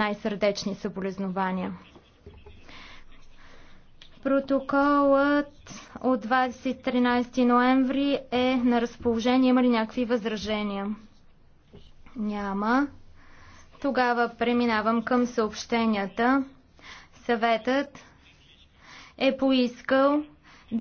най-сърдечни съболезнования. Протоколът от 23 ноември е на разположение. Има ли някакви възражения? Няма. Тогава преминавам към съобщенията. Съветът е поискал